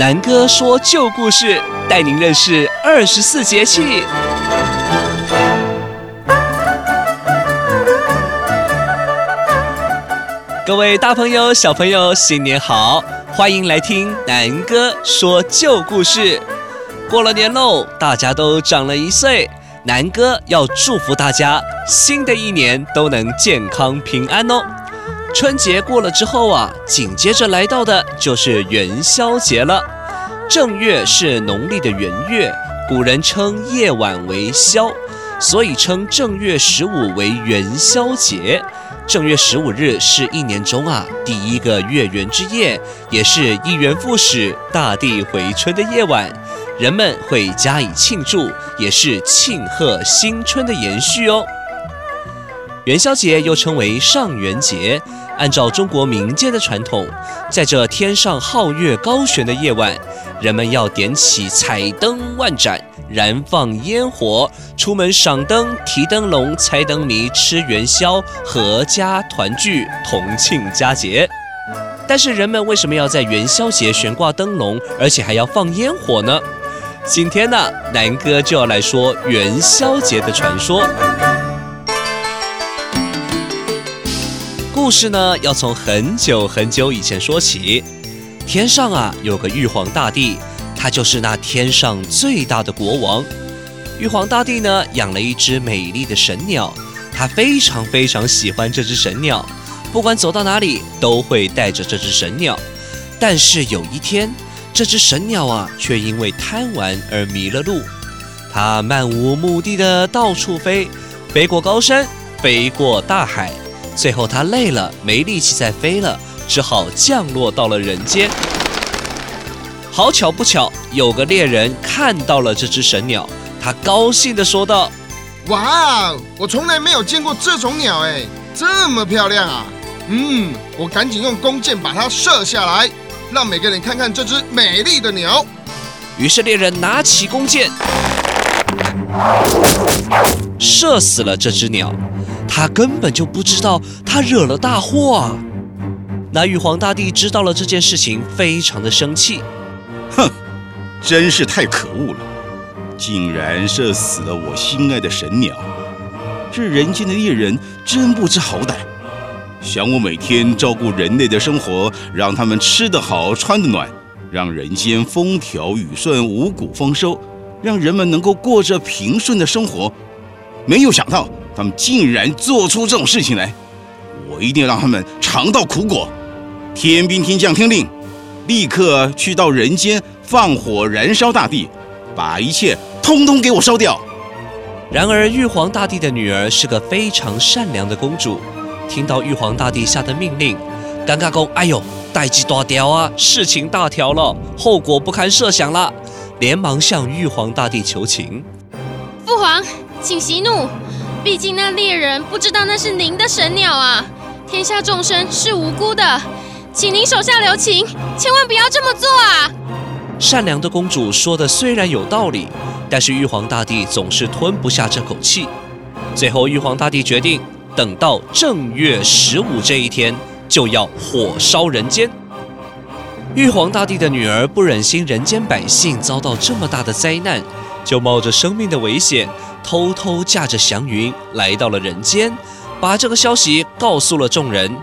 南哥說舊故事，帶您認識二十四節氣。各位大朋友、小朋友，新年好！歡迎來聽南哥說舊故事。過了年嘍，大家都長了一歲，南哥要祝福大家，新的一年都能健康平安哦。春節過了之後啊，緊接着來到的就是元宵節了。正月是農曆的元月，古人稱夜晚為宵，所以稱正月十五為元宵節。正月十五日是一年中啊，第一個月圓之夜，也是一元復始、大地回春的夜晚，人們會加以慶祝，也是慶賀新春的延續哦。元宵節又稱為上元節，按照中國民間的傳統，在這天上皓月高懸的夜晚，人們要點起彩燈萬盞，燃放煙火，出門賞燈、提燈籠、猜燈謎、吃元宵，闔家團聚，同慶佳節。但是人們為什麼要在元宵節懸掛燈籠，而且還要放煙火呢？今天呢，南哥就要來說元宵節的傳說。故事呢，要從很久很久以前說起。天上啊，有個玉皇大帝，他就是那天上最大的國王。玉皇大帝呢，養了一隻美麗的神鳥，他非常非常喜歡這隻神鳥，不管走到哪裡都會帶着這隻神鳥。但是有一天，這隻神鳥啊，卻因為貪玩而迷了路。它漫無目的地到處飛，飛過高山，飛過大海。最後，他累了，沒力氣再飛了，只好降落到了人間。好巧不巧，有個獵人看到了這隻神鳥，他高興地說道：“哇，我從來沒有見過這種鳥誒，這麼漂亮啊！嗯，我趕緊用弓箭把它射下來，讓每個人看看這隻美麗的鳥。”於是獵人拿起弓箭。射死了這隻鳥，他根本就不知道他惹了大禍啊！那玉皇大帝知道了這件事情，非常的生氣。哼，真是太可惡了，竟然射死了我心愛的神鳥！這人間的獵人真不知好歹，想我每天照顧人類的生活，讓他們吃得好、穿得暖，讓人間風調雨順、五穀豐收。讓人們能夠過着平順的生活，沒有想到他們竟然做出這種事情來，我一定要讓他們嚐到苦果。天兵天將聽令，立刻去到人間放火燃燒大地，把一切通通給我燒掉。然而，玉皇大帝的女兒是個非常善良的公主，聽到玉皇大帝下的命令，尷尬公，哎呦，代誌大條，啊，事情大條了，後果不堪設想了。連忙向玉皇大帝求情：“父皇，請息怒，畢竟那獵人不知道那是您的神鳥啊，天下眾生是無辜的，請您手下留情，千萬不要這麼做啊！”善良的公主說的雖然有道理，但是玉皇大帝總是吞不下這口氣。最後，玉皇大帝決定等到正月十五這一天，就要火燒人間。玉皇大帝的女兒不忍心人間百姓遭到這麼大的災難，就冒着生命的危險，偷偷駕着祥雲來到了人間，把這個消息告訴了眾人。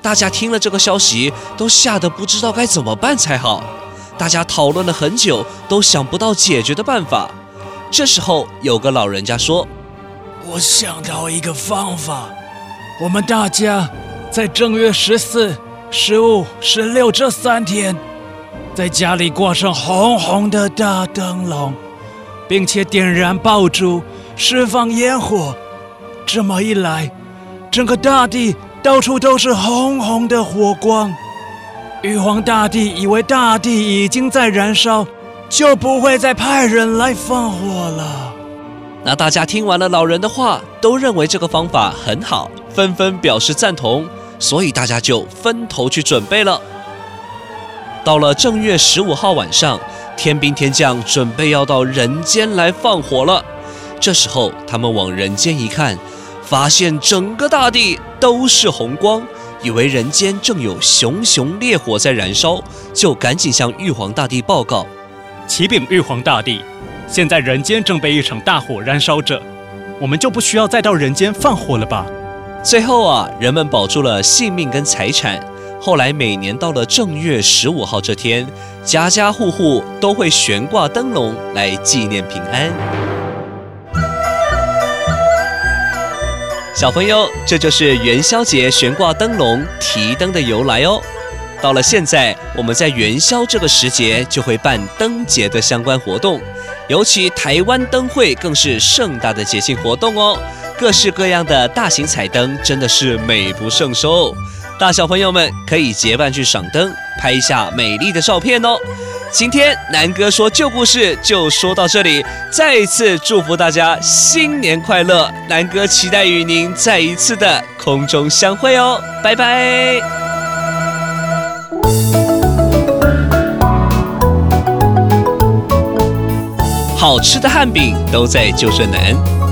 大家聽了這個消息，都嚇得不知道該怎麼辦才好。大家討論了很久，都想不到解決的辦法。這時候，有個老人家說：“我想到一個方法，我們大家在正月十四……”十五、十六這三天，在家裡掛上紅紅的大燈籠，並且點燃爆竹，釋放煙火。這麼一來，整個大地到處都是紅紅的火光。玉皇大帝以為大地已經在燃燒，就不會再派人來放火了。那大家聽完了老人的話，都認為這個方法很好，紛紛表示贊同。所以大家就分頭去準備了。到了正月十五號晚上，天兵天將準備要到人間來放火了。這時候，他們往人間一看，發現整個大地都是紅光，以為人間正有熊熊烈火在燃燒，就趕緊向玉皇大帝報告：“啟稟玉皇大帝，現在人間正被一場大火燃燒着，我們就不需要再到人間放火了吧？”最後啊，人們保住了性命跟財產。後來每年到了正月十五號這天，家家戶戶都會懸掛燈籠來紀念平安。小朋友，這就是元宵節懸掛燈籠、提燈的由來哦。到了現在，我們在元宵這個時節就會辦燈節的相關活動，尤其台灣燈會更是盛大的節慶活動哦。各式各樣的大型彩燈真的是美不勝收，大小朋友們可以結伴去賞燈，拍一下美麗的照片哦。今天南哥說舊故事就說到這裡，再一次祝福大家新年快樂！南哥期待與您再一次的空中相會哦，拜拜。好吃的漢餅都在舊順南。